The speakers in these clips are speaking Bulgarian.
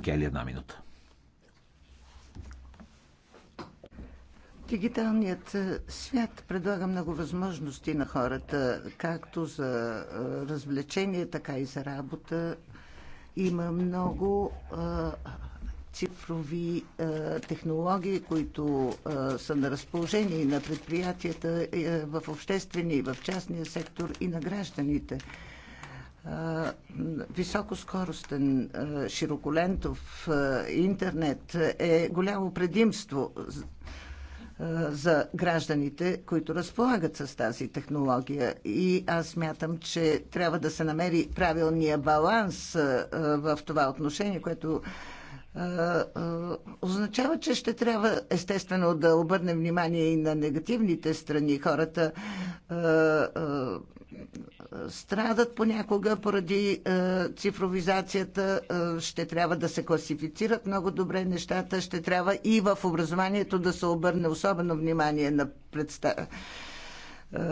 Кели, една минута. Дигиталният е, свят предлага много възможности на хората, както за е, развлечение, така и за работа. Има много е, цифрови а, технологии, които а, са на разположение и на предприятията, а, в обществения и в частния сектор и на гражданите високоскоростен широколентов интернет е голямо предимство за гражданите, които разполагат с тази технология. И аз мятам, че трябва да се намери правилния баланс в това отношение, което означава, че ще трябва естествено да обърнем внимание и на негативните страни. Хората страдат понякога поради е, цифровизацията, е, ще трябва да се класифицират много добре нещата, ще трябва и в образованието да се обърне особено внимание на е,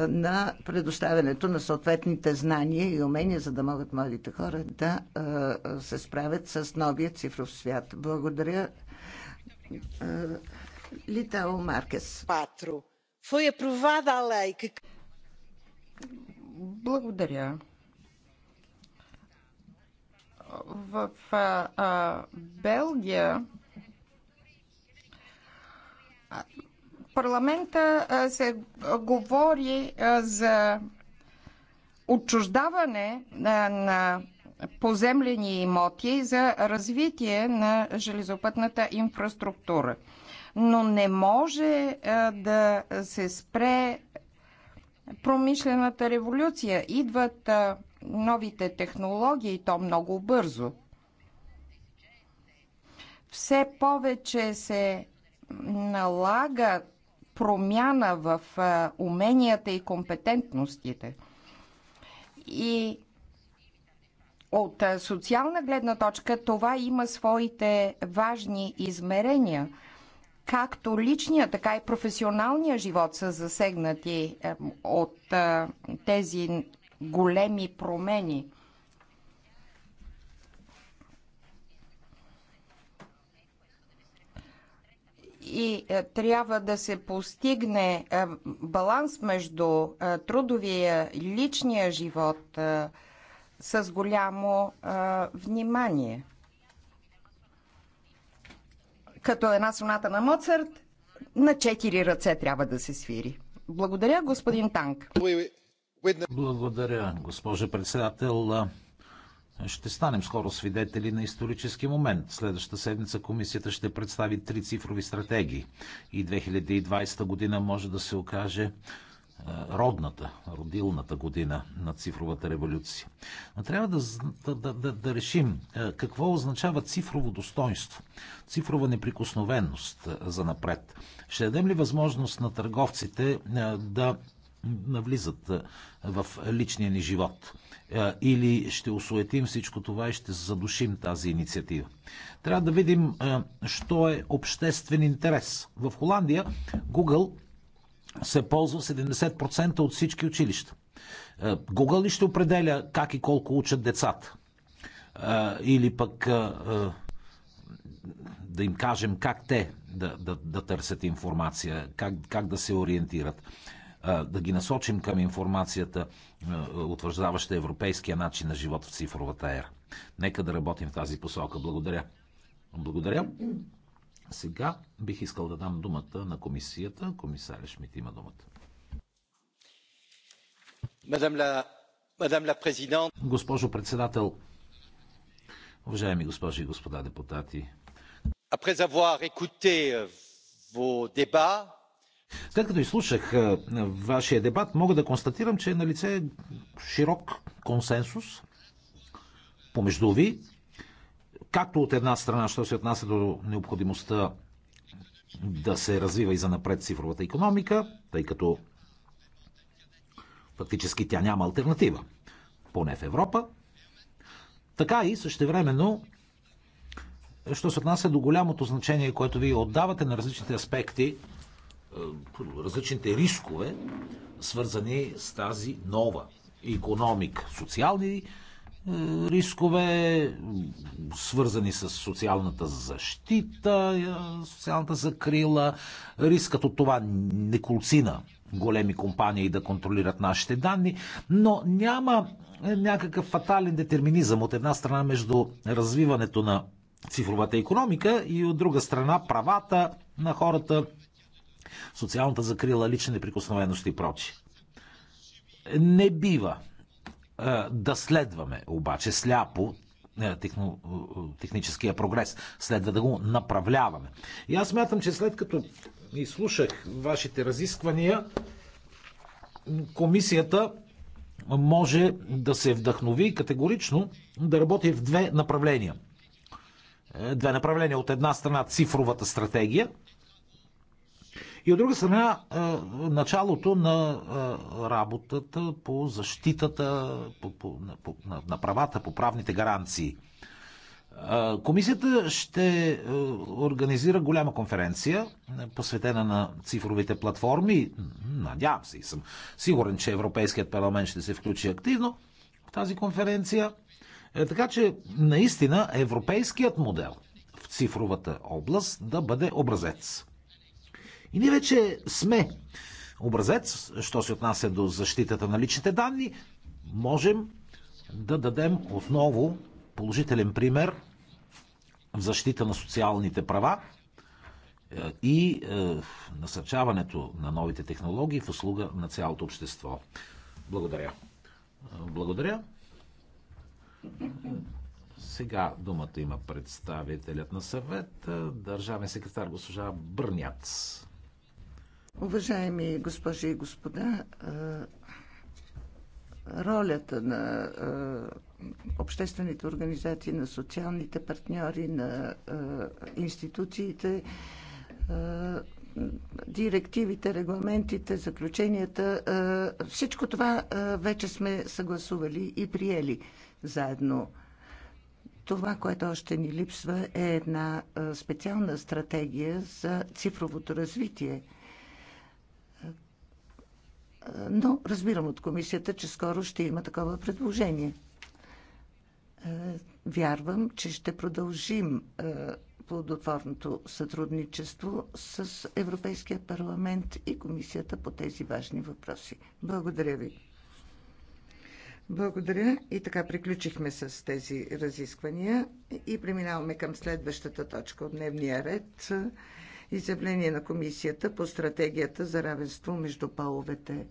на предоставянето на съответните знания и умения, за да могат младите хора да е, се справят с новия цифров свят. Благодаря. Литао Маркес. Foi aprovada a lei que благодаря. В а, а, Белгия парламента а, се говори а, за отчуждаване а, на поземлени имоти за развитие на железопътната инфраструктура. Но не може а, да се спре промишлената революция. Идват новите технологии то много бързо. Все повече се налага промяна в уменията и компетентностите. И от социална гледна точка това има своите важни измерения – както личния, така и професионалния живот са засегнати от е, тези големи промени. и е, трябва да се постигне е, баланс между трудовия и личния живот с голямо внимание като една соната на Моцарт, на четири ръце трябва да се свири. Благодаря, господин Танк. Благодаря, госпожа председател. Ще станем скоро свидетели на исторически момент. Следващата седмица комисията ще представи три цифрови стратегии и 2020 година може да се окаже е, родната, родилната година на цифровата революция. Но трябва да, да, да, да решим е, какво означава цифрово достоинство, цифрова неприкосновеност е, за напред. Ще дадем ли възможност на търговците да навлизат в личния ни живот? Или ще осуетим всичко това и ще задушим тази инициатива? Трябва да видим, що е обществен интерес. В Холандия Google се ползва 70% от всички училища. Е, Google ли ще определя как и колко учат децата? Е, или пък е, да им кажем как те да, да, да търсят информация, как, как да се ориентират, да ги насочим към информацията, утвърждаваща европейския начин на живот в цифровата ера. Нека да работим в тази посока. Благодаря. Благодаря. Сега бих искал да дам думата на комисията. Комисаря Шмидт има думата. Госпожо председател, уважаеми госпожи и господа депутати, э, след като изслушах э, вашия дебат, мога да констатирам, че е на лице широк консенсус помежду ви Както от една страна, що се отнася до необходимостта да се развива и за напред цифровата економика, тъй като фактически тя няма альтернатива, поне в Европа, така и същевременно, що се отнася до голямото значение, което вие отдавате на различните аспекти, е, различните рискове, свързани с тази нова економика. Социални рискове, свързани с социалната защита, е, социалната закрила, рискът от това неколцина големи компании да контролират нашите данни, но няма някакъв фатален детерминизъм от една страна между развиването на цифровата економика и от друга страна правата на хората, социалната закрила, лична неприкосновеност и прочие. Не бива е, да следваме обаче сляпо е, техно, е, техническия прогрес. Следва да го направляваме. И аз мятам, че след като изслушах вашите разисквания, комисията може да се вдъхнови категорично да работи в две направления. Две направления. От една страна цифровата стратегия, и от друга страна, началото на работата по защитата по, по, по, на, на правата, по правните гаранции. Комисията ще организира голяма конференция, посветена на цифровите платформи. Надявам се и съм сигурен, че Европейският парламент ще се включи активно в тази конференция. Е, така че, наистина, европейският модел в цифровата област да бъде образец. И ние вече сме образец, що се отнася до защитата на личните данни, можем да дадем отново положителен пример в защита на социалните права е, и е, насърчаването на новите технологии в услуга на цялото общество. Благодаря. Е, благодаря. Сега думата има представителят на съвет, държавен секретар госпожа Бърняц. Уважаеми госпожи и господа, е, ролята на е, обществените организации, на социалните партньори, на е, институциите, директивите, регламентите, заключенията, всичко това вече сме съгласували и приели заедно. Това, което още ни липсва, е една специална стратегия за цифровото развитие – но разбирам от комисията, че скоро ще има такова предложение. Е, вярвам, че ще продължим е, плодотворното сътрудничество с Европейския парламент и комисията по тези важни въпроси. Благодаря ви. Благодаря. И така приключихме с тези разисквания и преминаваме към следващата точка от дневния ред изявление на комисията по стратегията за равенство между половете.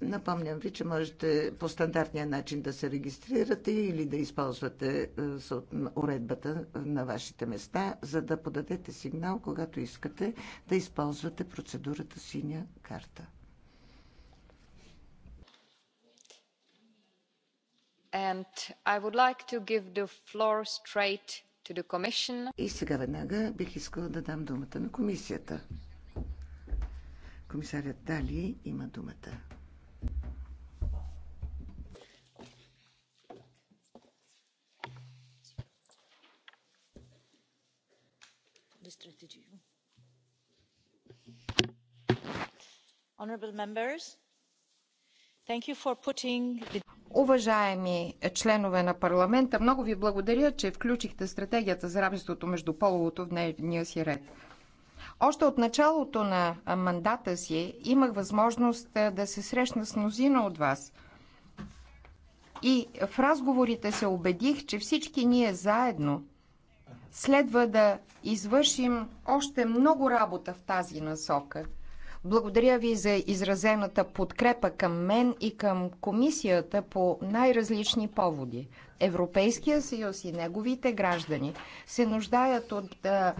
Напомням ви, че можете по стандартния начин да се регистрирате или да използвате уредбата на вашите места, за да подадете сигнал, когато искате да използвате процедурата синя карта. And I would like to give the floor straight и сега веднага бих искала да дам думата на комисията. Комисарят Дали има думата. honourable members Уважаеми членове на парламента, много ви благодаря, че включихте стратегията за равенството между половото в дневния си ред. Още от началото на мандата си имах възможност да се срещна с мнозина от вас. И в разговорите се убедих, че всички ние заедно следва да извършим още много работа в тази насока – благодаря ви за изразената подкрепа към мен и към комисията по най-различни поводи. Европейския съюз и неговите граждани се нуждаят от а,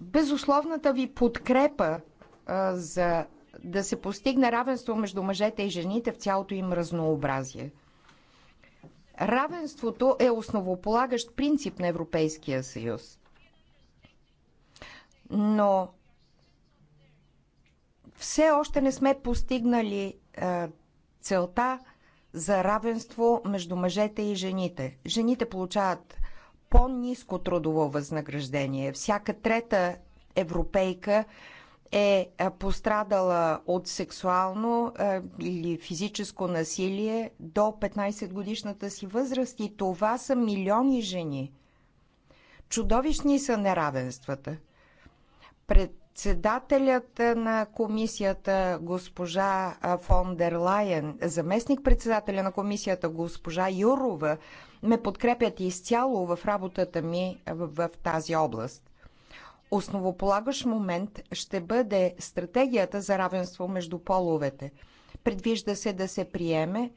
безусловната ви подкрепа а, за да се постигне равенство между мъжете и жените в цялото им разнообразие. Равенството е основополагащ принцип на Европейския съюз. Но все още не сме постигнали е, целта за равенство между мъжете и жените. Жените получават по-низко трудово възнаграждение. Всяка трета европейка е, е пострадала от сексуално е, или физическо насилие до 15 годишната си възраст и това са милиони жени. Чудовищни са неравенствата. Пред председателят на комисията госпожа фон дер Лайен, заместник-председателя на комисията госпожа Юрова ме подкрепят изцяло в работата ми в, тази област. Основополагащ момент ще бъде стратегията за равенство между половете. Предвижда се да се приеме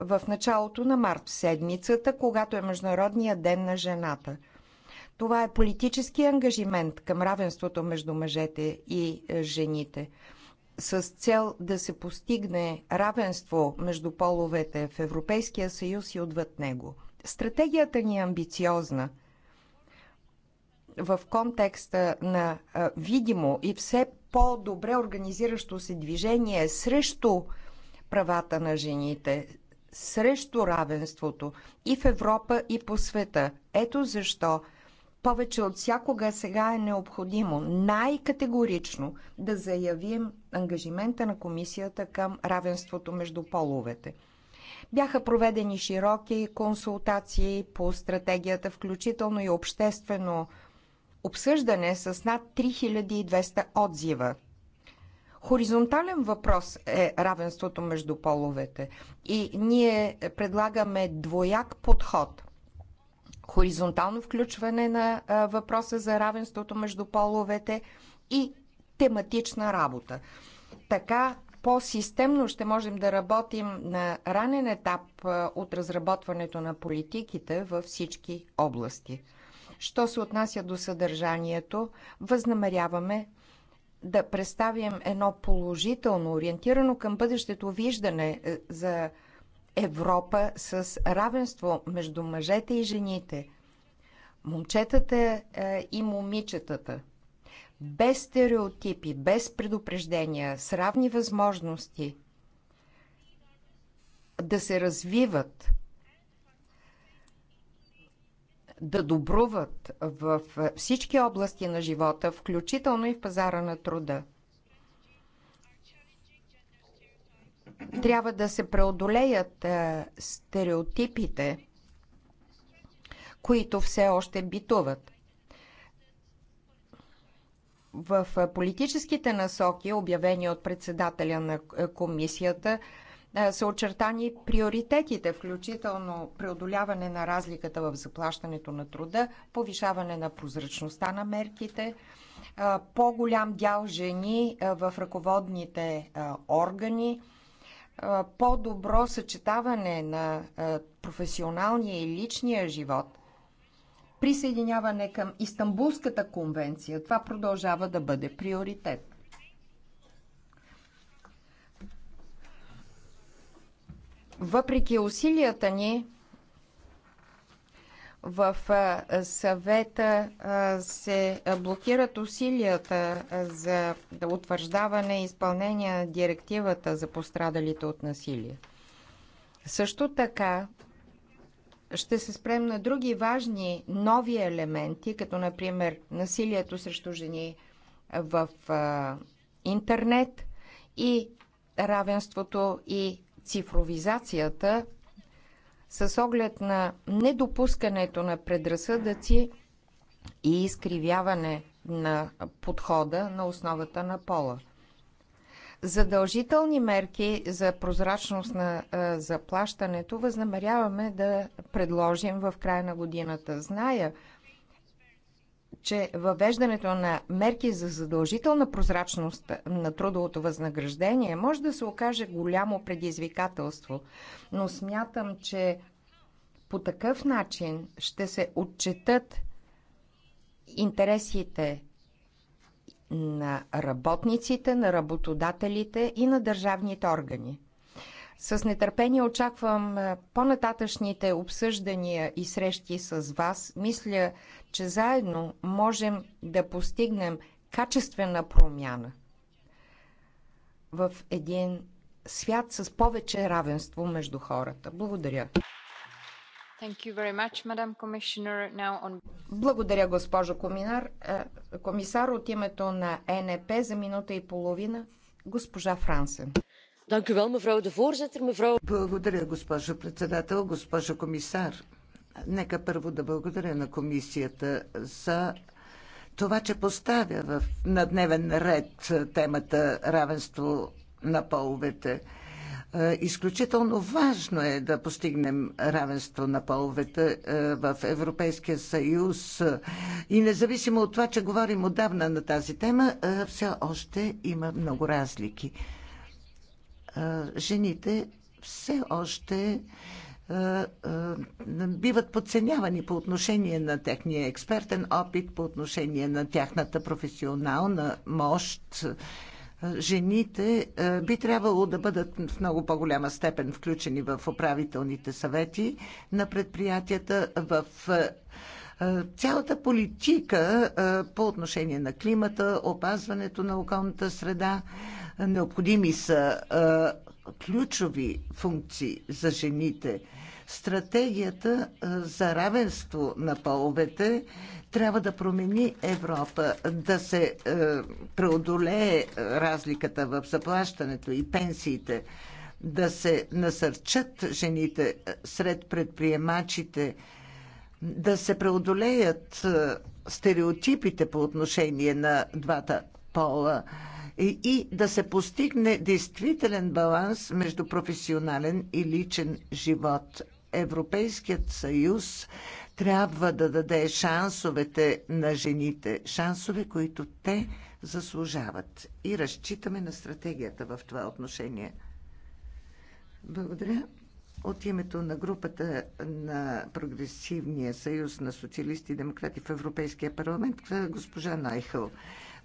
в началото на март седмицата, когато е Международният ден на жената – това е политически ангажимент към равенството между мъжете и е, жените с цел да се постигне равенство между половете в Европейския съюз и отвъд него. Стратегията ни е амбициозна в контекста на е, видимо и все по-добре организиращо се движение срещу правата на жените, срещу равенството и в Европа, и по света. Ето защо повече от всякога сега е необходимо най-категорично да заявим ангажимента на комисията към равенството между половете. Бяха проведени широки консултации по стратегията, включително и обществено обсъждане с над 3200 отзива. Хоризонтален въпрос е равенството между половете и ние предлагаме двояк подход – хоризонтално включване на въпроса за равенството между половете и тематична работа. Така по-системно ще можем да работим на ранен етап от разработването на политиките във всички области. Що се отнася до съдържанието, възнамеряваме да представим едно положително, ориентирано към бъдещето виждане е, за Европа с равенство между мъжете и жените, момчетата е, и момичетата, без стереотипи, без предупреждения, с равни възможности да се развиват, да добруват в всички области на живота, включително и в пазара на труда – Трябва да се преодолеят е, стереотипите, които все още битуват. В е, политическите насоки, обявени от председателя на е, комисията, са очертани приоритетите, включително преодоляване на разликата в заплащането на труда, повишаване на прозрачността на мерките, по-голям дял жени в ръководните органи, по-добро съчетаване на професионалния и личния живот, присъединяване към Истанбулската конвенция, това продължава да бъде приоритет. Въпреки усилията ни в съвета се блокират усилията за утвърждаване и изпълнение на директивата за пострадалите от насилие. Също така ще се спрем на други важни нови елементи, като например насилието срещу жени в интернет и равенството и цифровизацията с оглед на недопускането на предразсъдъци и изкривяване на подхода на основата на пола. Задължителни мерки за прозрачност на заплащането възнамеряваме да предложим в края на годината. Зная, че въвеждането на мерки за задължителна прозрачност на трудовото възнаграждение може да се окаже голямо предизвикателство, но смятам, че по такъв начин ще се отчетат интересите на работниците, на работодателите и на държавните органи. С нетърпение очаквам е, по-нататъчните обсъждания и срещи с вас. Мисля, че заедно можем да постигнем качествена промяна в един свят с повече равенство между хората. Благодаря. Much, on... Благодаря, госпожо коминар, е, комисар. От името на ЕНП за минута и половина госпожа Франсен. Благодаря, госпожо председател, госпожо комисар. Нека първо да благодаря на комисията за това, че поставя в, на дневен ред темата равенство на половете. Е, изключително важно е да постигнем равенство на половете е, в Европейския съюз. И независимо от това, че говорим отдавна на тази тема, е, все още има много разлики жените все още биват подценявани по отношение на техния експертен опит, по отношение на тяхната професионална мощ. Жените би трябвало да бъдат в много по-голяма степен включени в управителните съвети на предприятията, в цялата политика по отношение на климата, опазването на околната среда. Необходими са ключови функции за жените. Стратегията за равенство на половете трябва да промени Европа, да се преодолее разликата в заплащането и пенсиите, да се насърчат жените сред предприемачите, да се преодолеят стереотипите по отношение на двата пола е и да се постигне действителен баланс между професионален и личен живот. Европейският съюз трябва да даде шансовете на жените, шансове, които те заслужават. И разчитаме на стратегията в това отношение. Благодаря. От името на групата на Прогресивния съюз на социалисти и демократи в Европейския парламент, госпожа Найхъл.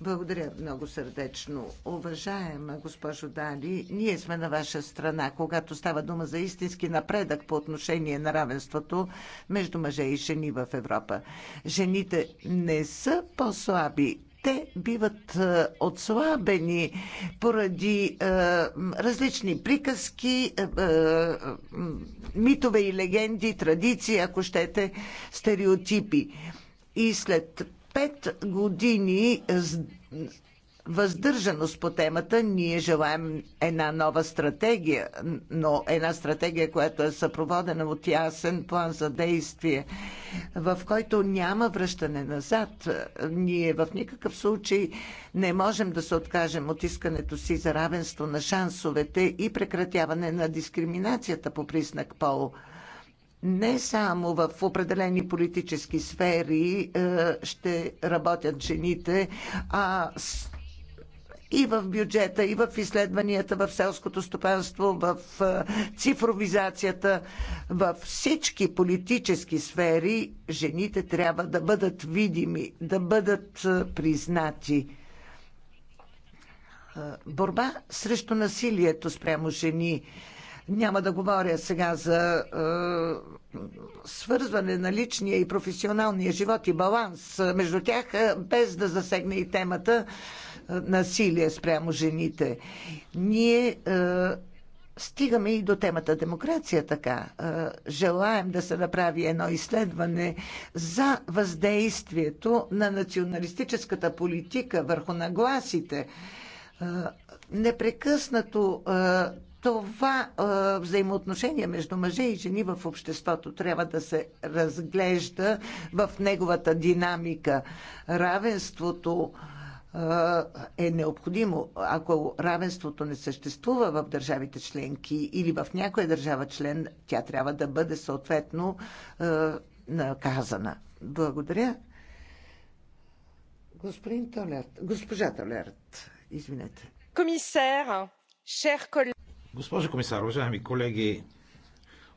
Благодаря много сърдечно. Уважаема госпожо Дали, ние сме на ваша страна, когато става дума за истински напредък по отношение на равенството между мъже и жени в Европа. Жените не са по-слаби те биват е, отслабени поради е, различни приказки, е, е, е, митове и легенди, традиции, ако щете, стереотипи. И след пет години въздържаност по темата. Ние желаем една нова стратегия, но една стратегия, която е съпроводена от ясен план за действие, в който няма връщане назад. Ние в никакъв случай не можем да се откажем от искането си за равенство на шансовете и прекратяване на дискриминацията по признак пол не само в определени политически сфери е, ще работят жените, а и в бюджета, и в изследванията, в селското стопанство, в е, цифровизацията, във всички политически сфери жените трябва да бъдат видими, да бъдат е, признати. Борба срещу насилието спрямо жени – няма да говоря сега за е, свързване на личния и професионалния живот и баланс между тях, е, без да засегне и темата е, насилие спрямо жените. Ние е, стигаме и до темата демокрация така. Е, желаем да се направи едно изследване за въздействието на националистическата политика върху нагласите. Е, непрекъснато това а, взаимоотношение между мъже и жени в обществото трябва да се разглежда в неговата динамика. Равенството е необходимо. Ако равенството не съществува в държавите членки или в някоя държава член, тя трябва да бъде съответно е, наказана. Благодаря. Господин Толерт, госпожа Толерт, извинете. Комисар, шер колега. Госпожо комисар, уважаеми колеги,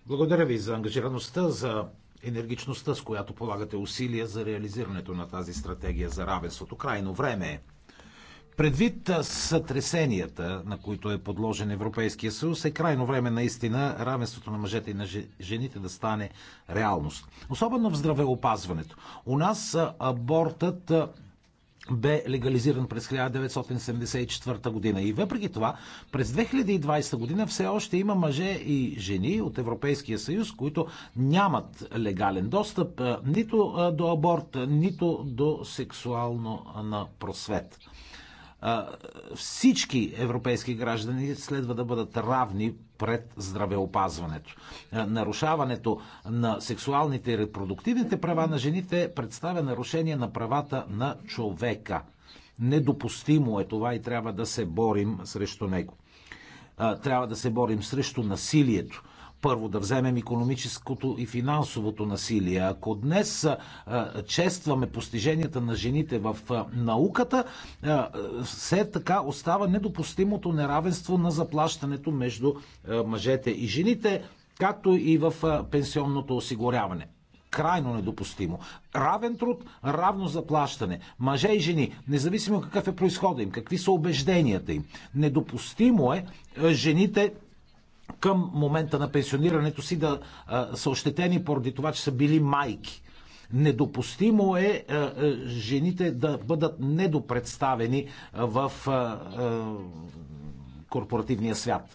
благодаря ви за ангажираността, за енергичността, с която полагате усилия за реализирането на тази стратегия за равенството. Крайно време е. Предвид сътресенията, на които е подложен Европейския съюз, е крайно време наистина равенството на мъжете и на жените да стане реалност. Особено в здравеопазването. У нас абортът бе легализиран през 1974 година. И въпреки това, през 2020 година все още има мъже и жени от Европейския съюз, които нямат легален достъп нито до аборт, нито до сексуално на просвет всички европейски граждани следва да бъдат равни пред здравеопазването. Нарушаването на сексуалните и репродуктивните права на жените представя нарушение на правата на човека. Недопустимо е това и трябва да се борим срещу него. Трябва да се борим срещу насилието първо да вземем економическото и финансовото насилие. Ако днес честваме постиженията на жените в науката, все така остава недопустимото неравенство на заплащането между мъжете и жените, както и в пенсионното осигуряване крайно недопустимо. Равен труд, равно заплащане. Мъже и жени, независимо какъв е происхода им, какви са убежденията им. Недопустимо е жените към момента на пенсионирането си да са ощетени поради това, че са били майки. Недопустимо е жените да бъдат недопредставени в корпоративния свят.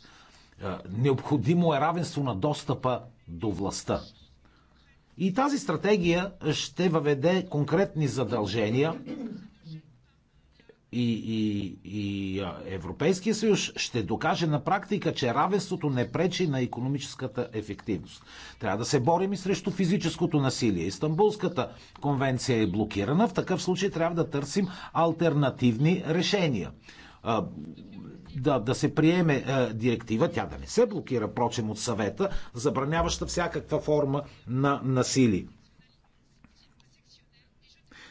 Необходимо е равенство на достъпа до властта. И тази стратегия ще въведе конкретни задължения и, и, и Европейския съюз ще докаже на практика, че равенството не пречи на економическата ефективност. Трябва да се борим и срещу физическото насилие. Истанбулската конвенция е блокирана. В такъв случай трябва да търсим альтернативни решения да, да се приеме е, директива, тя да не се блокира, прочем, от съвета, забраняваща всякаква форма на насилие.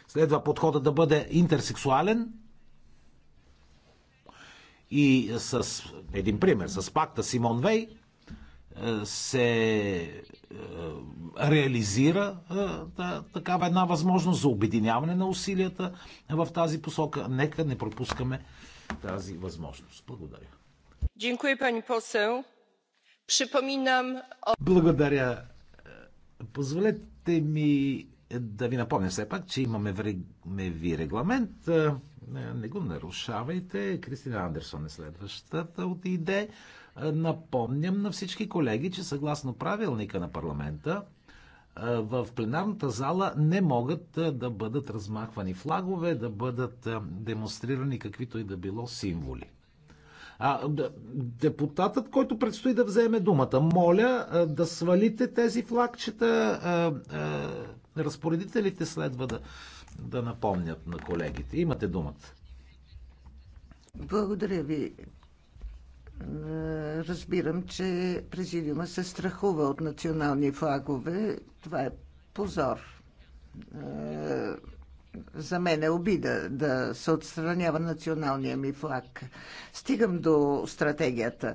Следва подхода да бъде интерсексуален и с един пример, с пакта Симон Вей е, се е, реализира е, такава една възможност за обединяване на усилията в тази посока. Нека не пропускаме тази възможност. Благодаря. Дякую, пани посел. Припоминам... Благодаря. Позволете ми да ви напомня все пак, че имаме времеви регламент. Е, не го нарушавайте. Кристина Андерсон е следващата от ИДЕ. Напомням на всички колеги, че съгласно правилника на парламента, е, в пленарната зала не могат е, да бъдат размахвани флагове, да бъдат демонстрирани каквито и да било символи. А, депутатът, който предстои да вземе думата, моля да свалите тези флагчета, Разпоредителите следва да, да напомнят на колегите. Имате думата. Благодаря ви. Разбирам, че президиума се страхува от национални флагове. Това е позор. За мен е обида да се отстранява националния ми флаг. Стигам до стратегията.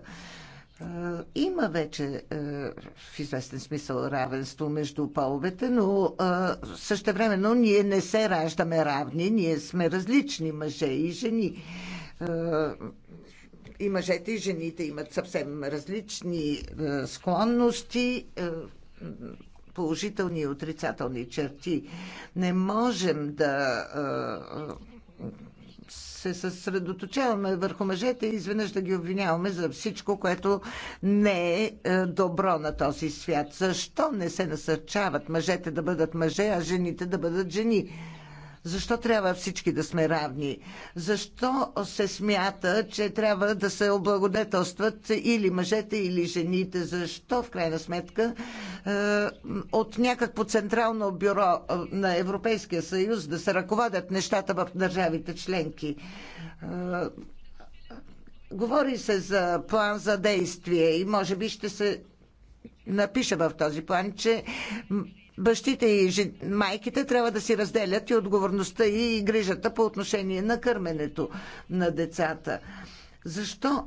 Има вече е, в известен смисъл равенство между половете, но но ние не се раждаме равни, ние сме различни мъже и жени. И мъжете и жените имат съвсем различни е, склонности, е, положителни и отрицателни черти. Не можем да се съсредоточаваме върху мъжете и изведнъж да ги обвиняваме за всичко, което не е, е добро на този свят. Защо не се насърчават мъжете да бъдат мъже, а жените да бъдат жени? Защо трябва всички да сме равни? Защо се смята, че трябва да се облагодетелстват или мъжете, или жените? Защо, в крайна сметка, е, от някакво централно бюро е, на Европейския съюз да се ръководят нещата в държавите членки? Е, говори се за план за действие и може би ще се напиша в този план, че бащите и майките трябва да си разделят и отговорността и грижата по отношение на кърменето на децата. Защо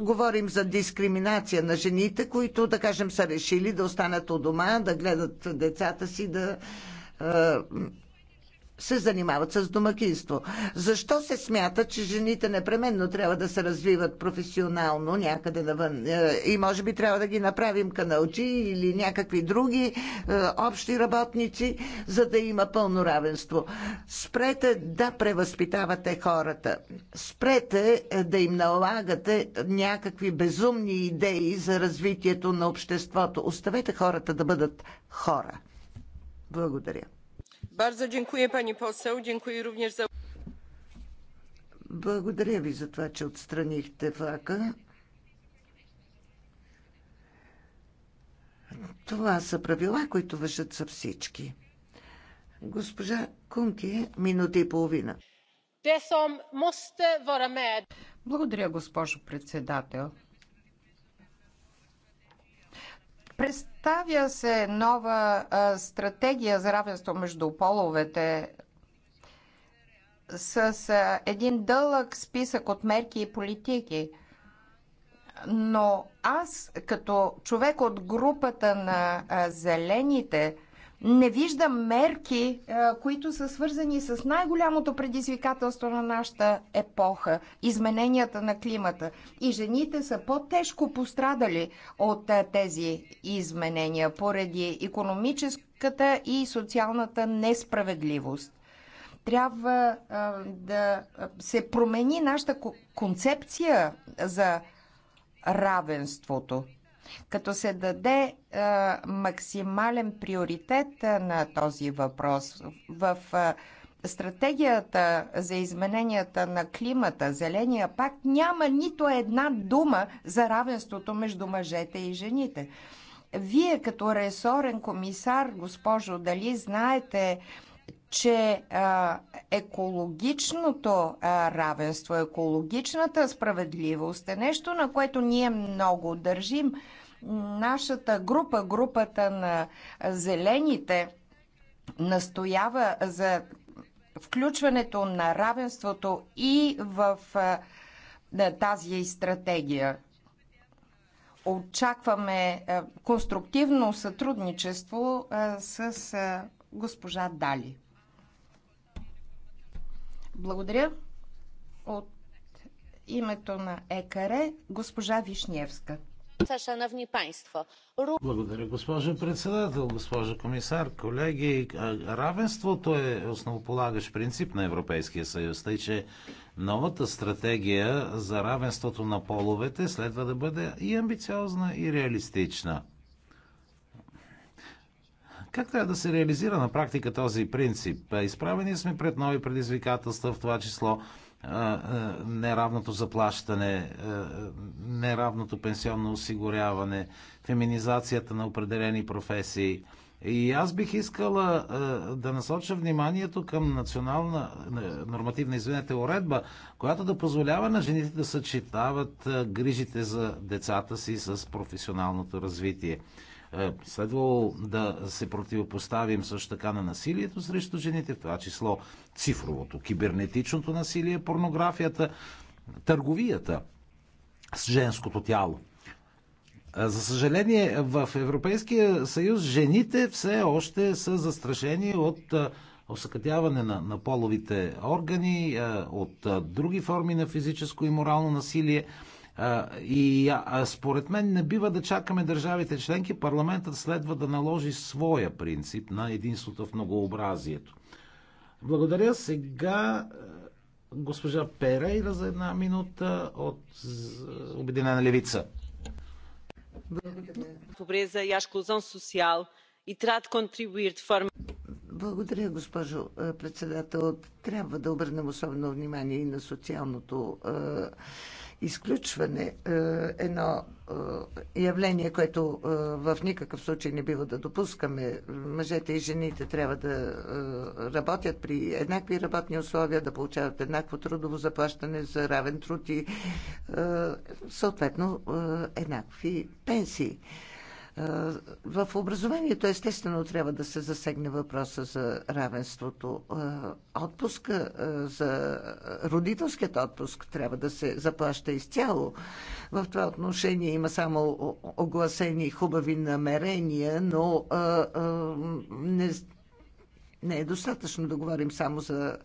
говорим за дискриминация на жените, които, да кажем, са решили да останат у дома, да гледат децата си, да се занимават с домакинство. Защо се смята, че жените непременно трябва да се развиват професионално някъде навън? Е, и може би трябва да ги направим каналчи или някакви други е, общи работници, за да има пълно равенство. Спрете да превъзпитавате хората. Спрете е, да им налагате някакви безумни идеи за развитието на обществото. Оставете хората да бъдат хора. Благодаря. Bardzo dziękuję pani poseł. Dziękuję również za... Благодаря ви за това, че отстранихте флака. Това са правила, които въжат за всички. Госпожа Кунки, минута и половина. Благодаря, госпожо председател. Представя се нова а, стратегия за равенство между половете с а, един дълъг списък от мерки и политики. Но аз, като човек от групата на а, зелените, не виждам мерки, е, които са свързани с най-голямото предизвикателство на нашата епоха измененията на климата. И жените са по-тежко пострадали от е, тези изменения поради економическата и социалната несправедливост. Трябва е, да се промени нашата концепция за равенството като се даде а, максимален приоритет на този въпрос в а, стратегията за измененията на климата, зеления пакт, няма нито една дума за равенството между мъжете и жените. Вие като ресорен комисар, госпожо, дали знаете че а, екологичното а, равенство, екологичната справедливост е нещо, на което ние много държим. Нашата група, групата на зелените, настоява за включването на равенството и в а, тази стратегия. Очакваме а, конструктивно сътрудничество а, с госпожа Дали. Благодаря. От името на ЕКАРЕ, госпожа Вишневска. Благодаря, госпожо председател, госпожо комисар, колеги. Равенството е основополагащ принцип на Европейския съюз, тъй че новата стратегия за равенството на половете следва да бъде и амбициозна, и реалистична. Как трябва да се реализира на практика този принцип? Е, изправени сме пред нови предизвикателства, в това число е, е, неравното заплащане, неравното пенсионно осигуряване, феминизацията на определени професии. И аз бих искала да насоча вниманието към национална нормативна, извинете, уредба, която да позволява на жените да съчетават грижите за децата си с професионалното развитие. Е, следвало да се противопоставим също така на насилието срещу жените, в това число цифровото, кибернетичното насилие, порнографията, търговията с женското тяло. Е, за съжаление, в Европейския съюз жените все още са застрашени от е, осъкътяване на, на половите органи, от други форми на физическо и морално насилие. И според мен не бива да чакаме държавите членки, парламентът следва да наложи своя принцип на единството в многообразието. Благодаря сега госпожа Перейра за една минута от Обединена левица. E e Благодаря, госпожо председател. Трябва да обърнем особено внимание и на социалното изключване е, едно е, явление, което е, в никакъв случай не бива да допускаме. Мъжете и жените трябва да работят при еднакви работни условия, да получават еднакво трудово заплащане за равен труд и съответно еднакви пенсии. Е, в образованието естествено трябва да се засегне въпроса за равенството. Е, отпуска е, за родителският отпуск трябва да се заплаща изцяло. В това отношение има само огласени хубави намерения, но не не е достатъчно да говорим само за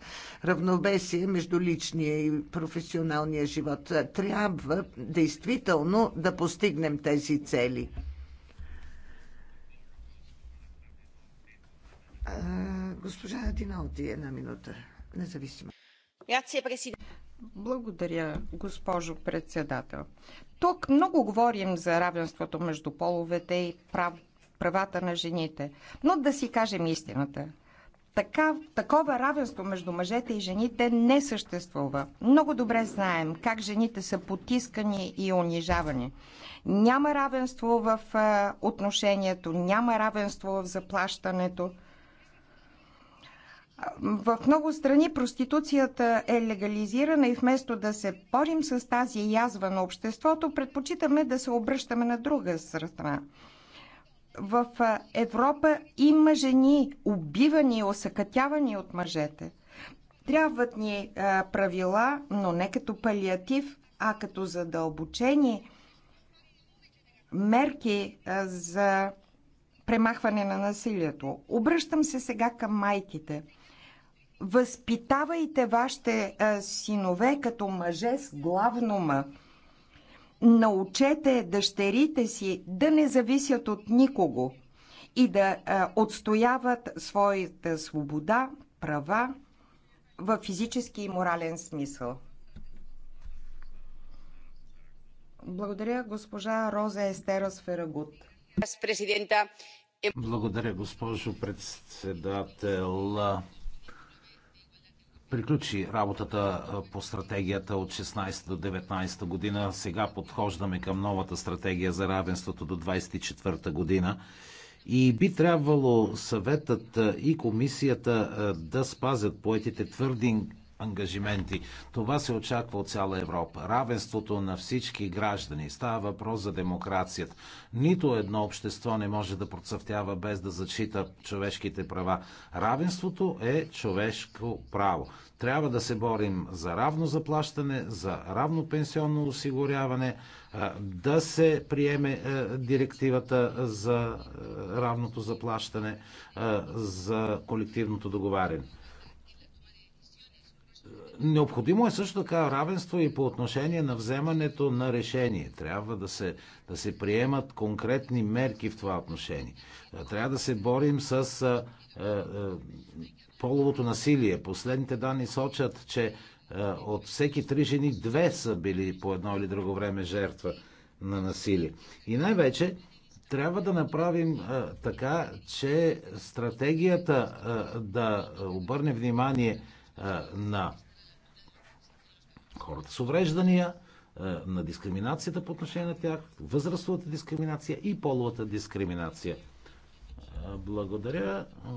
равновесие между личния и професионалния живот. Трябва действително да постигнем тези цели. Госпожа Диналти, една минута. Независимо. Благодаря, госпожо председател. Тук много говорим за равенството между половете и прав, правата на жените. Но да си кажем истината. Така, такова равенство между мъжете и жените не съществува. Много добре знаем как жените са потискани и унижавани. Няма равенство в отношението, няма равенство в заплащането. В много страни проституцията е легализирана и вместо да се борим с тази язва на обществото, предпочитаме да се обръщаме на друга страна. В Европа има жени, убивани и осъкътявани от мъжете. Трябват ни правила, но не като палиатив, а като задълбочени мерки за премахване на насилието. Обръщам се сега към майките – Възпитавайте вашите синове като мъже с ма. Научете дъщерите си да не зависят от никого и да отстояват своята свобода, права в физически и морален смисъл. Благодаря госпожа Роза Естера Сферагут. Е- Благодаря госпожо председател приключи работата по стратегията от 16 до 19 година. Сега подхождаме към новата стратегия за равенството до 24 година. И би трябвало съветът и комисията да спазят поетите твърди ангажименти. Това се очаква от цяла Европа. Равенството на всички граждани. Става въпрос за демокрацията. Нито едно общество не може да процъфтява без да зачита човешките права. Равенството е човешко право. Трябва да се борим за равно заплащане, за равно пенсионно осигуряване, да се приеме директивата за равното заплащане, за колективното договаряне. Необходимо е също така равенство и по отношение на вземането на решение. Трябва да се, да се приемат конкретни мерки в това отношение. Е, трябва да се борим с е, е, половото насилие. Последните данни сочат, че от всеки три жени две са били по едно или друго време жертва на насилие. И най-вече трябва да направим така, че стратегията да обърне внимание на хората с увреждания, е, на дискриминацията по отношение на тях, възрастовата дискриминация и половата дискриминация. Е, благодаря е,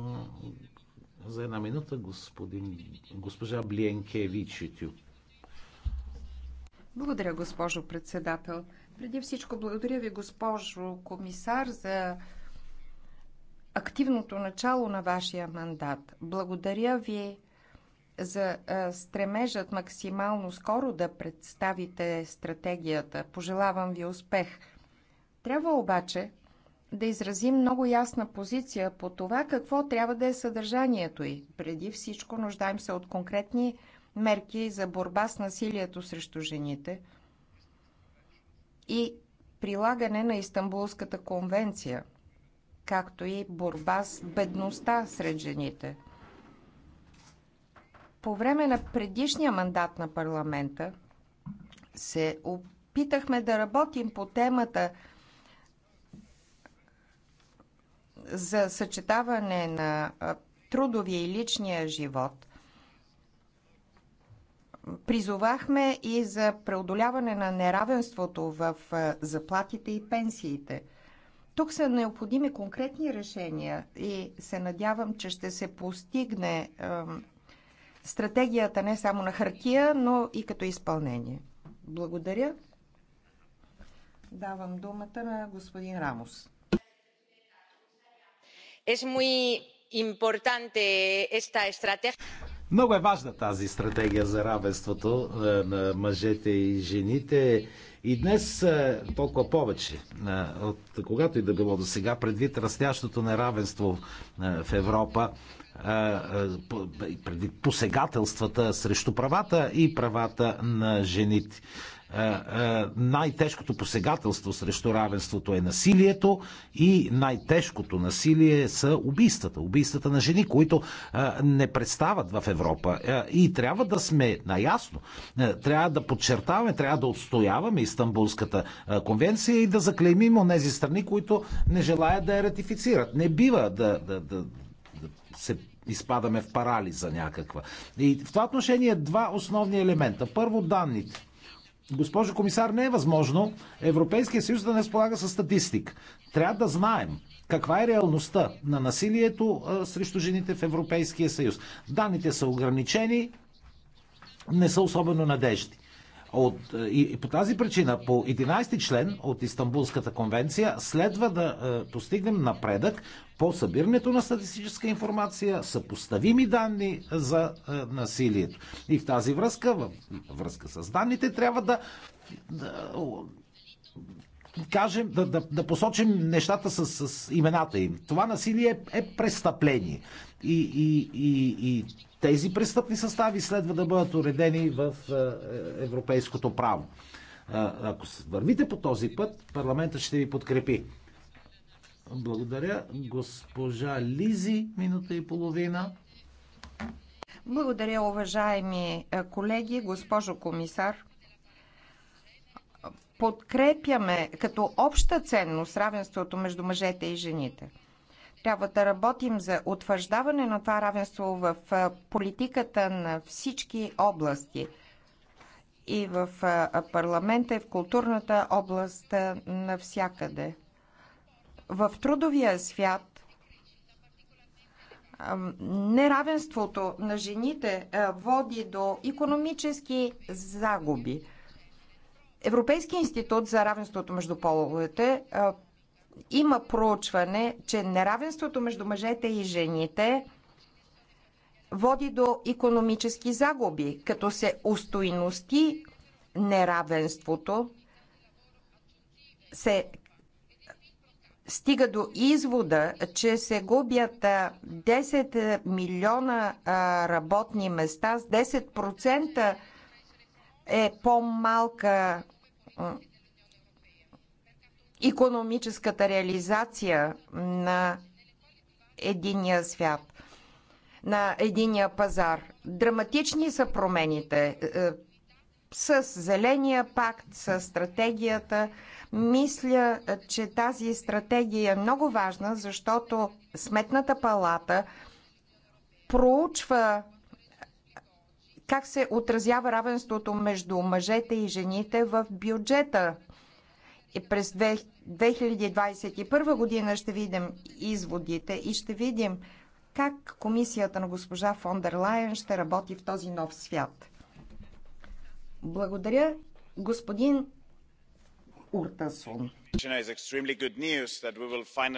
за една минута господин, госпожа Блиенкевичитю. Благодаря, госпожо председател. Преди всичко благодаря ви, госпожо комисар, за активното начало на вашия мандат. Благодаря ви за стремежът максимално скоро да представите стратегията. Пожелавам ви успех. Трябва обаче да изразим много ясна позиция по това какво трябва да е съдържанието й. Преди всичко нуждаем се от конкретни мерки за борба с насилието срещу жените и прилагане на Истанбулската конвенция, както и борба с бедността сред жените – по време на предишния мандат на парламента се опитахме да работим по темата за съчетаване на трудовия и личния живот. Призовахме и за преодоляване на неравенството в заплатите и пенсиите. Тук са необходими конкретни решения и се надявам, че ще се постигне стратегията не само на хартия, но и като изпълнение. Благодаря. Давам думата на господин Рамос. Es muy importante esta estrategia. Много е важна тази стратегия за равенството е, на мъжете и жените. И днес е, толкова повече, е, от когато и да било до сега, предвид растящото неравенство в Европа, предвид посегателствата срещу правата и правата на жените. Е, е, най-тежкото посегателство срещу равенството е насилието и най-тежкото насилие са убийствата. Убийствата на жени, които е, не представят в Европа. И трябва да сме наясно, трябва да подчертаваме, трябва да отстояваме Истанбулската конвенция и да заклеймим тези страни, които не желаят да я ратифицират. Не бива да, да, да, да се изпадаме в парализа някаква. И в това отношение два основни елемента. Първо, данните Госпожо комисар, не е възможно Европейския съюз да не сполага с статистик. Трябва да знаем каква е реалността на насилието срещу жените в Европейския съюз. Данните са ограничени, не са особено надежди. От, е, и, и по тази причина, по 11 член от Истанбулската конвенция, следва да е, постигнем напредък по събирането на статистическа информация, съпоставими данни за е, насилието. И в тази връзка, във връзка с данните, трябва да. да кажем, да, да, да посочим нещата с, с имената им. Това насилие е, е престъпление. И, и, и, и тези престъпни състави следва да бъдат уредени в е, европейското право. Е, ако вървите по този път, парламентът ще ви подкрепи. Благодаря. Госпожа Лизи, минута и половина. Благодаря, уважаеми е, колеги, госпожо комисар. Подкрепяме като обща ценност равенството между мъжете и жените – трябва да работим за утвърждаване на това равенство в политиката на всички области и в парламента, и в културната област, навсякъде. В трудовия свят неравенството на жените води до економически загуби. Европейски институт за равенството между половете има проучване, че неравенството между мъжете и жените води до економически загуби, като се устойности неравенството се стига до извода, че се губят 10 милиона работни места с 10% е по-малка економическата реализация на единия свят, на единия пазар. Драматични са промените е, с Зеления пакт, с стратегията. Мисля, че тази стратегия е много важна, защото Сметната палата проучва как се отразява равенството между мъжете и жените в бюджета и през 2021 година ще видим изводите и ще видим как комисията на госпожа фон дер Лайен ще работи в този нов свят. Благодаря, господин Уртасон.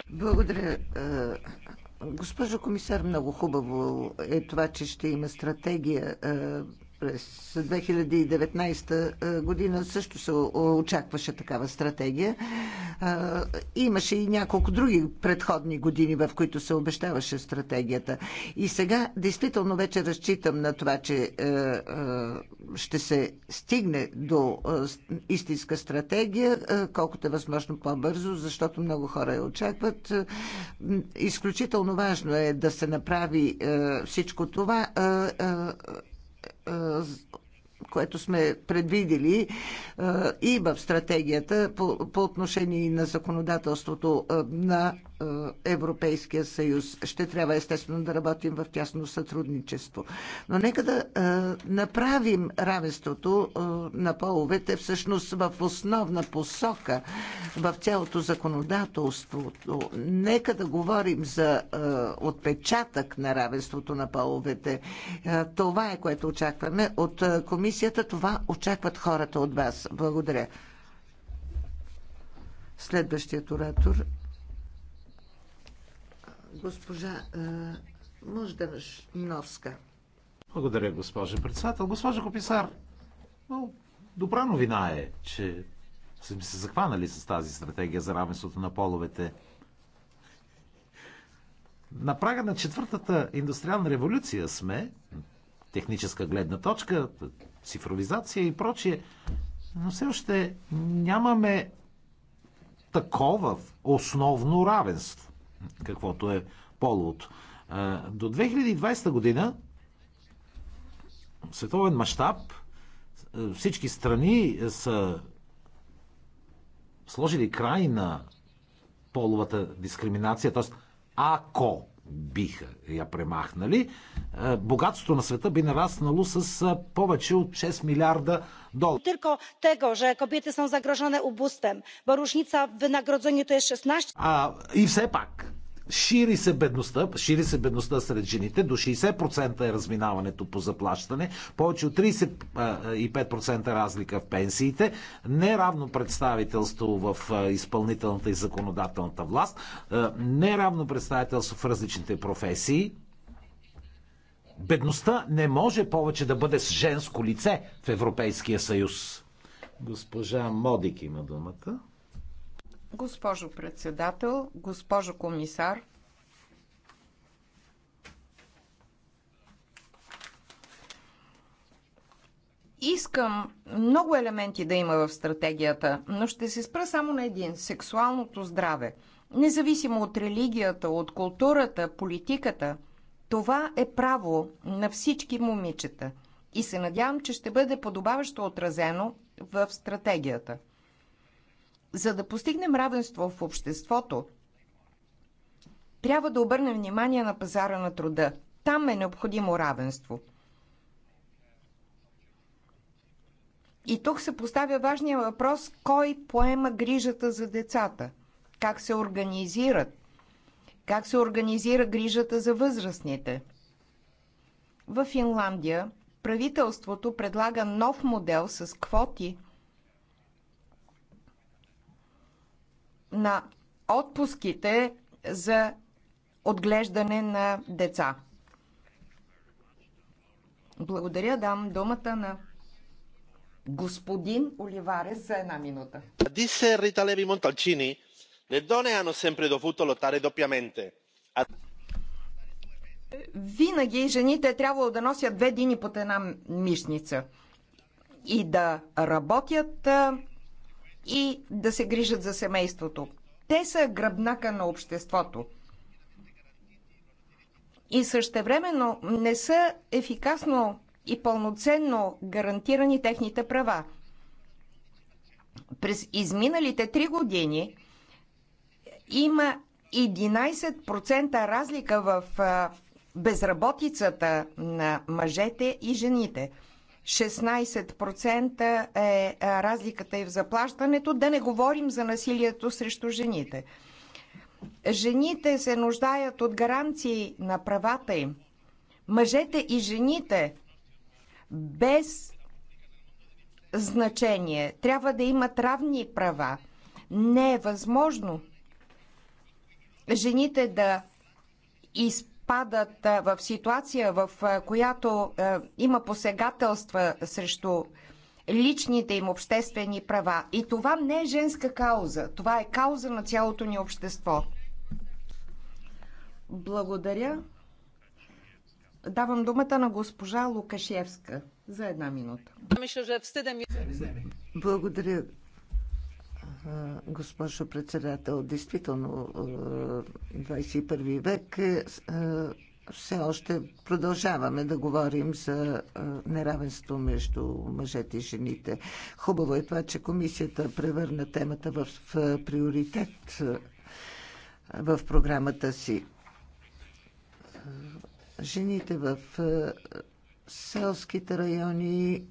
Благодаря, е, госпожо комисар. Много хубаво е това, че ще има стратегия е, през 2019 година също се очакваше такава стратегия. Имаше и няколко други предходни години, в които се обещаваше стратегията. И сега действително вече разчитам на това, че ще се стигне до истинска стратегия, колкото е възможно по-бързо, защото много хора я очакват. Изключително важно е да се направи всичко това е, което сме предвидели е, и в стратегията по, по отношение на законодателството е, на е, Европейския съюз. Ще трябва естествено да работим в тясно сътрудничество. Но нека да е, направим равенството е, на половете всъщност в основна посока в цялото законодателство. Нека да говорим за отпечатък на равенството на половете. Това е което очакваме от комисията. Това очакват хората от вас. Благодаря. Следващият оратор Госпожа е, Можданорска. Благодаря, госпожа председател. Госпожа Кописар, ну, добра новина е, че сме се захванали с тази стратегия за равенството на половете. На прага на четвъртата индустриална революция сме, техническа гледна точка, цифровизация и прочие, но все още нямаме такова основно равенство каквото е половото. До 2020 година в световен мащаб всички страни са сложили край на половата дискриминация, т.е. ако биха я премахнали, богатството на света би нараснало с повече от 6 милиарда долара. Tylko tego, że kobiety са zagrożone ubóstwem, bo różnica w wynagrodzeniu to jest 16. А, и все пак, Шири се бедността, шири се бедността сред жените, до 60% е разминаването по заплащане, повече от 35% разлика в пенсиите, неравно представителство в изпълнителната и законодателната власт, неравно представителство в различните професии. Бедността не може повече да бъде с женско лице в Европейския съюз. Госпожа Модик има думата. Госпожо председател, госпожо комисар, Искам много елементи да има в стратегията, но ще се спра само на един сексуалното здраве. Независимо от религията, от културата, политиката, това е право на всички момичета. И се надявам, че ще бъде подобаващо отразено в стратегията. За да постигнем равенство в обществото, трябва да обърнем внимание на пазара на труда. Там е необходимо равенство. И тук се поставя важния въпрос кой поема грижата за децата, как се организират, как се организира грижата за възрастните. В Финландия правителството предлага нов модел с квоти на отпуските за отглеждане на деца. Благодаря, дам думата на господин Оливарес за една минута. Disse Rita Levi Montalcini, le donne hanno sempre dovuto lottare doppiamente. Винаги жените трябвало да носят две дини под една мишница и да работят и да се грижат за семейството. Те са гръбнака на обществото. И същевременно не са ефикасно и пълноценно гарантирани техните права. През изминалите три години има 11% разлика в безработицата на мъжете и жените – 16% е разликата и в заплащането, да не говорим за насилието срещу жените. Жените се нуждаят от гаранции на правата им. Мъжете и жените без значение трябва да имат равни права. Не е възможно жените да изпълняват падат в ситуация, в която има посегателства срещу личните им обществени права. И това не е женска кауза, това е кауза на цялото ни общество. Благодаря. Давам думата на госпожа Лукашевска за една минута. Благодаря, госпожо председател. Действително, 21 век е, все още продължаваме да говорим за неравенство между мъжете и жените. Хубаво е това, че комисията превърна темата в приоритет в програмата си. Жените в селските райони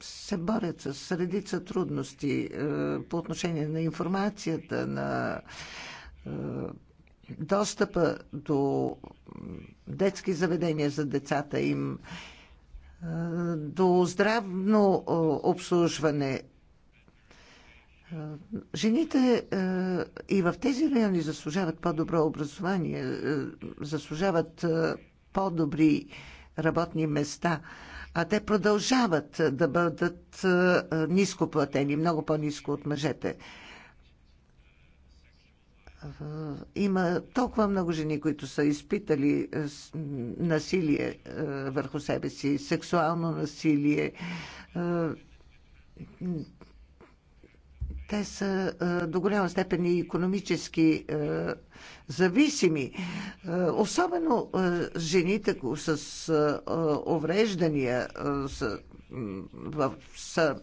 се борят с редица трудности е, по отношение на информацията, на е, достъпа до детски заведения за децата им, е, до здравно обслужване. Жените и в тези райони заслужават по-добро образование, заслужават по-добри работни места – а те продължават да бъдат е, ниско платени, много по-ниско от мъжете. Е, има толкова много жени, които са изпитали е, насилие върху себе си, сексуално насилие. Те са до голяма степен и економически зависими. Е, особено е, жените с е, увреждания са, са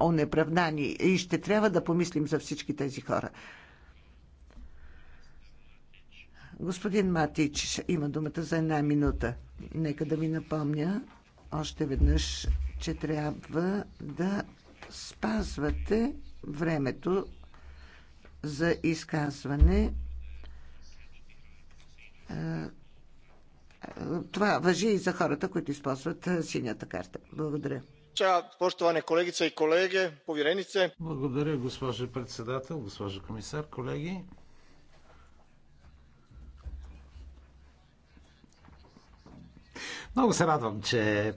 онеправдани и ще трябва да помислим за всички тези хора. Господин Матич има думата за една минута. Нека да ви напомня още веднъж, че трябва да спазвате времето за изказване това въжи и за хората, които използват синята карта. Благодаря. Poštovane колегица и kolege, povjerenice. Благодаря, госпожа председател, госпожа комисар, колеги. Много се радвам, че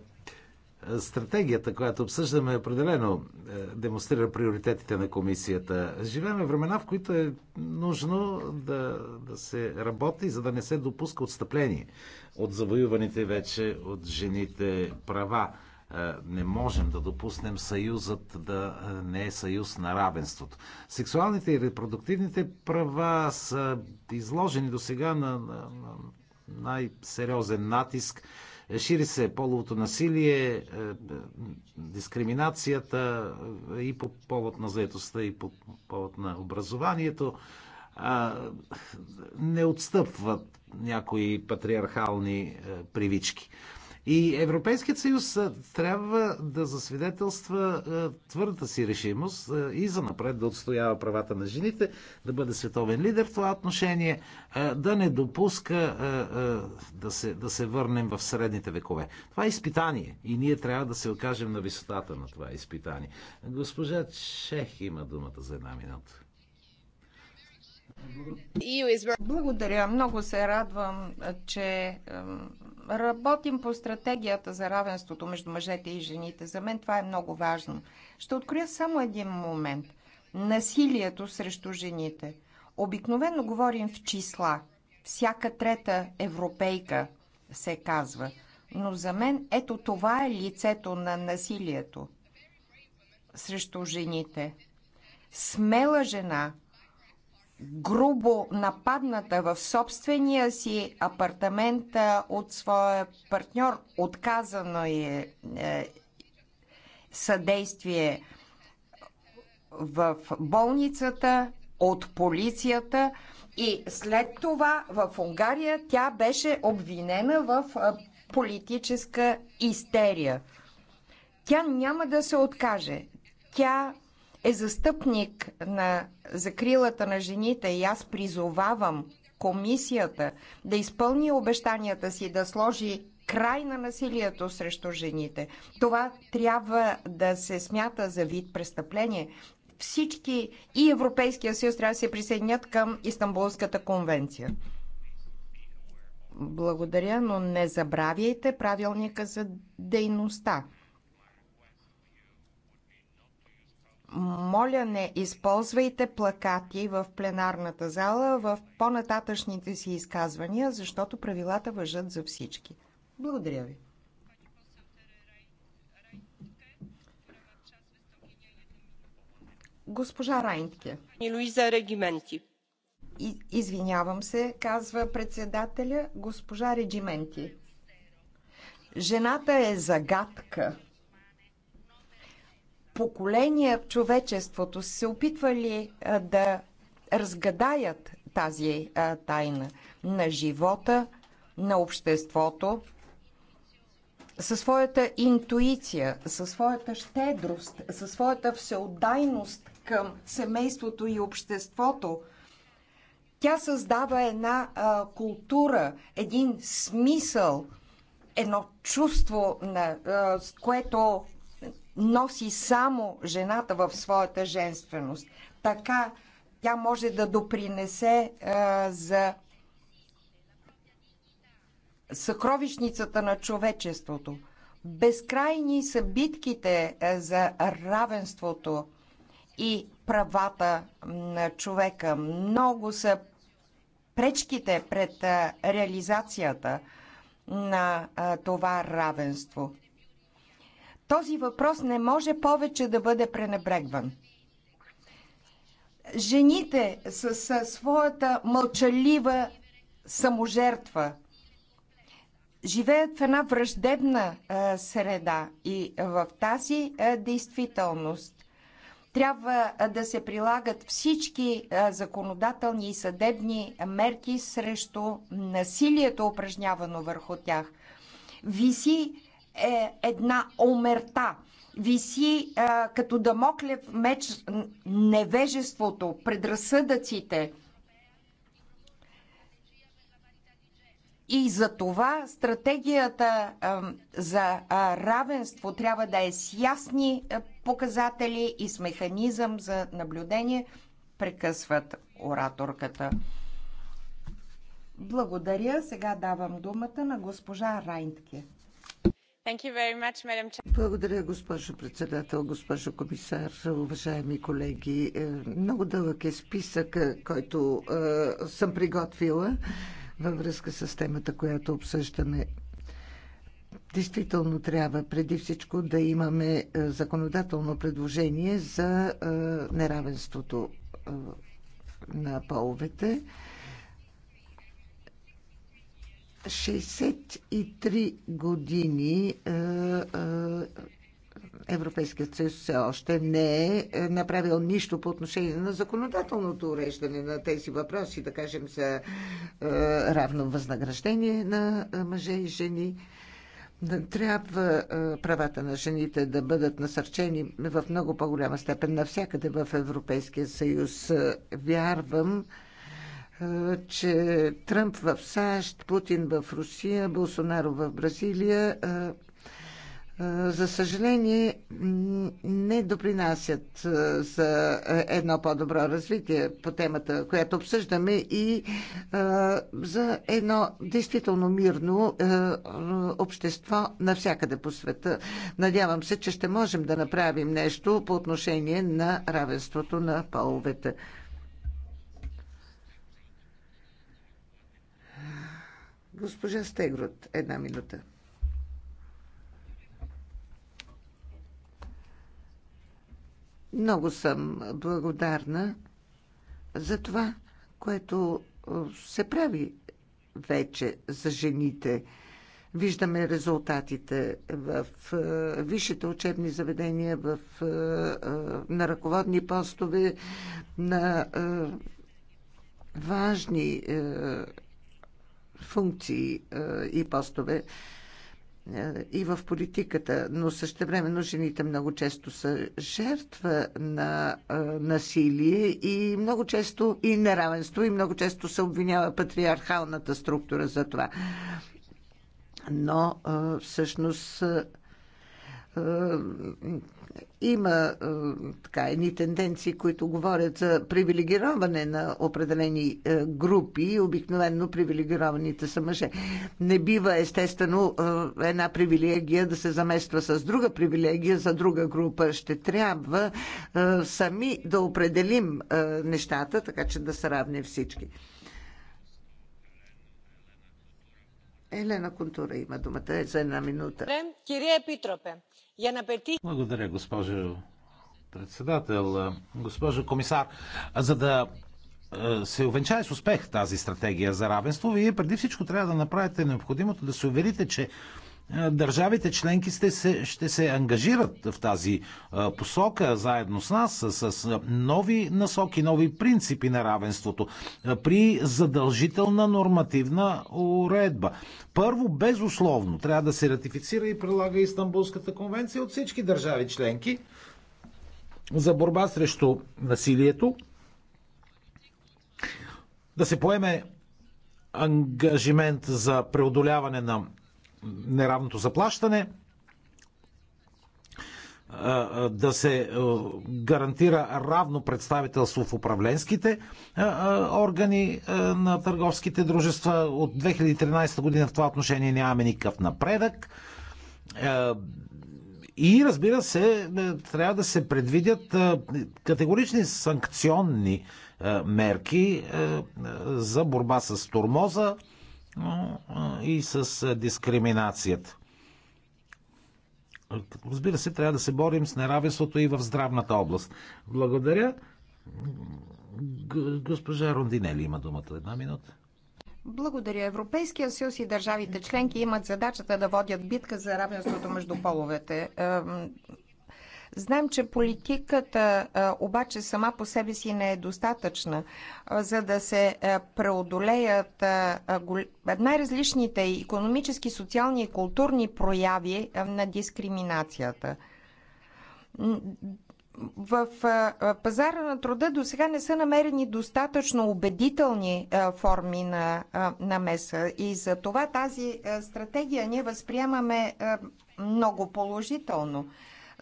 Стратегията, която обсъждаме, определено е, демонстрира приоритетите на комисията. Живеем времена, в които е нужно да, да се работи, за да не се допуска отстъпление от завоюваните вече от жените права. Е, не можем да допуснем съюзът да е, не е съюз на равенството. Сексуалните и репродуктивните права са изложени до сега на, на, на най-сериозен натиск Шири се половото насилие, е, дискриминацията е, и по повод на заедостта, и по повод на образованието. Не отстъпват някои патриархални е, привички. И Европейският съюз трябва да засвидетелства твърдата си решимост и за напред да отстоява правата на жените, да бъде световен лидер в това отношение, да не допуска да се, да се върнем в средните векове. Това е изпитание и ние трябва да се окажем на висотата на това изпитание. Госпожа Чех има думата за една минута. Благодаря. Много се радвам, че работим по стратегията за равенството между мъжете и жените. За мен това е много важно. Ще открия само един момент. Насилието срещу жените. Обикновено говорим в числа. Всяка трета европейка се казва. Но за мен ето това е лицето на насилието срещу жените. Смела жена, грубо нападната в собствения си апартамент от своя партньор. Отказано е, е съдействие в болницата, от полицията и след това в Унгария тя беше обвинена в политическа истерия. Тя няма да се откаже. Тя е застъпник на закрилата на жените и аз призовавам комисията да изпълни обещанията си да сложи край на насилието срещу жените. Това трябва да се смята за вид престъпление. Всички и Европейския съюз трябва да се присъединят към Истанбулската конвенция. Благодаря, но не забравяйте правилника за дейността. моля не използвайте плакати в пленарната зала в по-нататъчните си изказвания, защото правилата въжат за всички. Благодаря ви. Госпожа Райнтке. Луиза Регименти. Извинявам се, казва председателя, госпожа Регименти, Жената е загадка поколения в човечеството са се опитвали да разгадаят тази тайна на живота, на обществото, със своята интуиция, със своята щедрост, със своята всеотдайност към семейството и обществото, тя създава една а, култура, един смисъл, едно чувство, на, а, с което носи само жената в своята женственост. Така тя може да допринесе а, е, за съкровищницата на човечеството. Безкрайни са битките е, за равенството и правата на човека. Много са пречките пред е, реализацията на това равенство. Този въпрос не може повече да бъде пренебрегван. Жените с, с своята мълчалива саможертва живеят в една враждебна а, е, среда и в тази а, е, действителност трябва е, да се прилагат всички законодателни и съдебни мерки срещу насилието, упражнявано върху тях. Виси е една омерта. Виси а, като дамоклев меч невежеството, предразсъдъците. И за това стратегията а, за а, равенство трябва да е с ясни а, показатели и с механизъм за наблюдение, прекъсват ораторката. Благодаря. Сега давам думата на госпожа Райнтке. Благодаря, госпожо председател, госпожо комисар, уважаеми колеги. Е, много дълъг е списък, който е, съм приготвила във връзка с темата, която обсъждаме. Действително трябва преди всичко да имаме е, законодателно предложение за неравенството на половете. 63 години е, е, Европейският съюз все още не е, е направил нищо по отношение на законодателното уреждане на тези въпроси, да кажем за равно възнаграждение на мъже и жени. Трябва правата на жените да бъдат насърчени в много по-голяма степен навсякъде в Европейския съюз. Вярвам, че Тръмп в САЩ, Путин в Русия, Болсонаро в Бразилия, за съжаление, не допринасят за едно по-добро развитие по темата, която обсъждаме и за едно действително мирно общество навсякъде по света. Надявам се, че ще можем да направим нещо по отношение на равенството на половете. Госпожа Стегрот, една минута. Много съм благодарна за това, което е, се прави вече за жените. Виждаме резултатите в е, висшите учебни заведения, в, е, на ръководни постове, на важни функции е, и постове е, и в политиката, но същевременно жените много често са жертва на е, насилие и много често и неравенство и много често се обвинява патриархалната структура за това. Но всъщност е, има е, така, едни тенденции, които говорят за привилегироване на определени е, групи. Обикновенно привилегированите са мъже. Не бива, естествено, една привилегия да се замества с друга привилегия за друга група. Ще трябва сами да определим нещата, така че да са равни всички. Елена Контура има думата за една минута. Кирия Епитропе, благодаря, госпожо председател. Госпожо комисар, за да е, се увенчае с успех тази стратегия за равенство, вие преди всичко трябва да направите необходимото да се уверите, че е, държавите членки ще се, ще се ангажират в тази е, посока заедно с нас с, с е, нови насоки, нови принципи на равенството при задължителна нормативна уредба. Първо, безусловно, трябва да се ратифицира и прилага Истанбулската конвенция от всички държави членки за борба срещу насилието. Да се поеме ангажимент за преодоляване на неравното заплащане, да се гарантира равно представителство в управленските органи на търговските дружества. От 2013 година в това отношение нямаме никакъв напредък. И разбира се, трябва да се предвидят категорични санкционни мерки за борба с турмоза, и с дискриминацията. Разбира се, трябва да се борим с неравенството и в здравната област. Благодаря. Госпожа Рондинели има думата. Една минута. Благодаря. Европейския съюз и държавите членки имат задачата да водят битка за равенството между половете. Знаем, че политиката обаче сама по себе си не е достатъчна, за да се преодолеят най-различните економически, социални и културни прояви на дискриминацията в пазара на труда до сега не са намерени достатъчно убедителни форми на намеса. И за това тази стратегия ние възприемаме много положително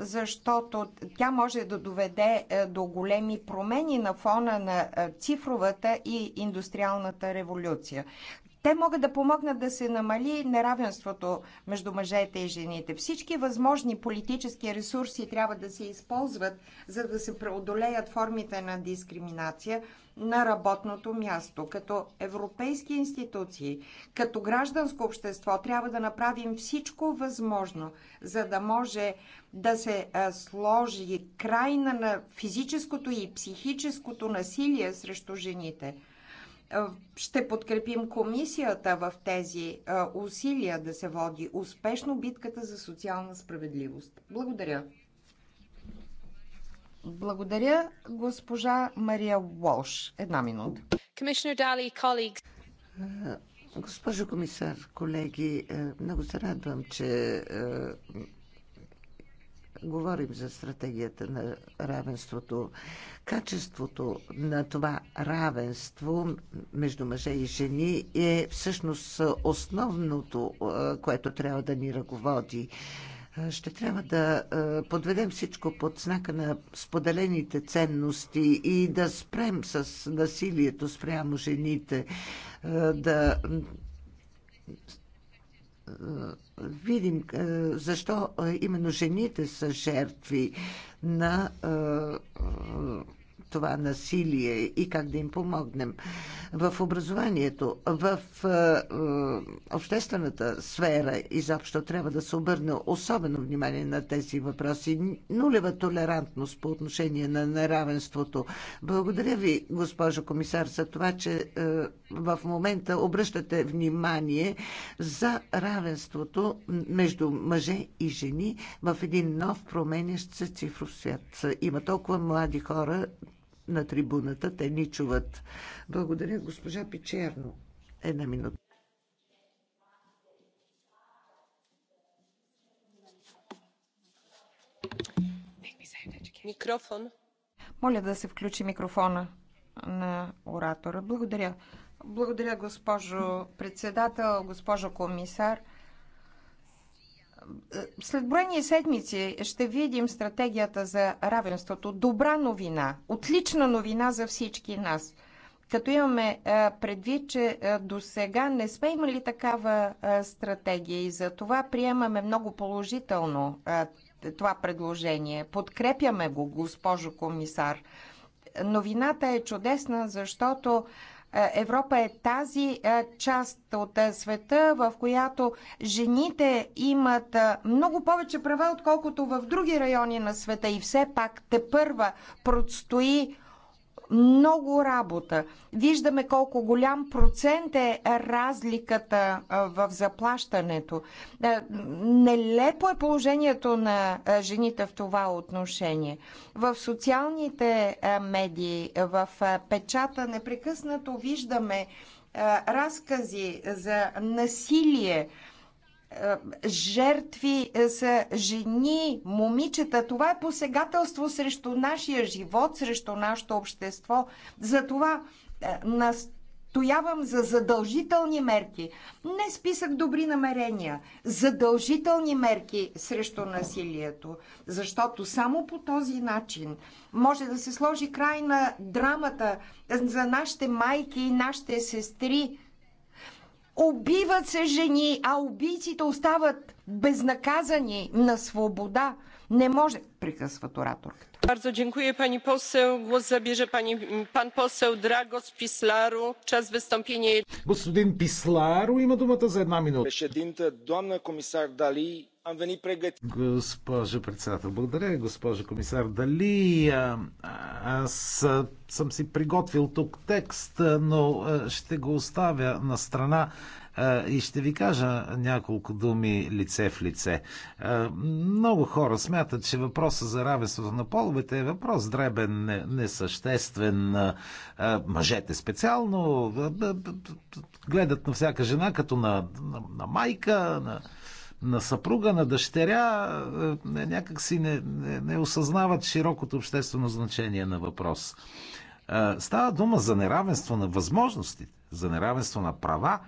защото тя може да доведе е, до големи промени на фона на е, цифровата и индустриалната революция. Те могат да помогнат да се намали неравенството между мъжете и жените. Всички възможни политически ресурси трябва да се използват, за да се преодолеят формите на дискриминация, на работното място. Като европейски институции, като гражданско общество трябва да направим всичко възможно, за да може да се сложи край на физическото и психическото насилие срещу жените. Ще подкрепим комисията в тези усилия да се води успешно битката за социална справедливост. Благодаря. Благодаря, госпожа Мария Волш. Една минута. Госпожо комисар, колеги, е, много се радвам, че е, говорим за стратегията на равенството, качеството на това равенство между мъже и жени е всъщност основното, е, което трябва да ни ръководи. Е, ще трябва да е, подведем всичко под знака на споделените ценности и да спрем с насилието спрямо жените, е, да видим защо именно жените са жертви на това насилие и как да им помогнем. В образованието, в е, е, обществената сфера изобщо трябва да се обърне особено внимание на тези въпроси. Нулева толерантност по отношение на неравенството. Благодаря ви, госпожо комисар, за това, че е, в момента обръщате внимание за равенството между мъже и жени в един нов променящ се цифров свят. Има толкова млади хора, на трибуната. Те ни чуват. Благодаря, госпожа Пичерно. Една минута. Микрофон. Моля да се включи микрофона на оратора. Благодаря. Благодаря, госпожо председател, госпожо комисар. След броени седмици ще видим стратегията за равенството. Добра новина, отлична новина за всички нас. Като имаме предвид, че до сега не сме имали такава стратегия и за това приемаме много положително това предложение. Подкрепяме го, госпожо комисар. Новината е чудесна, защото е, Европа е тази е, част от е, света, в която жените имат много повече права, отколкото в други райони на света и все пак те първа предстои много работа. Виждаме колко голям процент е разликата в заплащането. Е, нелепо е положението на жените в това отношение. В социалните медии, в печата непрекъснато виждаме разкази за насилие, е, жертви е, са жени, момичета. Това е посегателство срещу нашия живот, срещу нашето общество. Затова е, настоявам за задължителни мерки. Не списък добри намерения. Задължителни мерки срещу насилието. Защото само по този начин може да се сложи край на драмата за нашите майки и нашите сестри, Убиват се жени, а убийците остават безнаказани на свобода. Не може, прекъсва ораторката. Bardzo dziękuję pani poseł. Głos zabierze pani, pan poseł Dragos Pislaru. Czas wystąpienia. Господин Писларо има думата за една минута. Președinte, doamnă comisar Dali, am venit pregătit. Госпожо председател, благодаря, госпожо комисар. Дали а, аз а, съм си приготвил тук текст, но а, ще го оставя на страна а, и ще ви кажа няколко думи лице в лице. А, много хора смятат, че въпросът за равенството на половете е въпрос дребен, несъществен. А, мъжете специално гледат на всяка жена като на, на, на майка, на на съпруга, на дъщеря, е, е, някак си не, не, не осъзнават широкото обществено значение на въпрос. Е, става дума за неравенство на възможностите, за неравенство на права,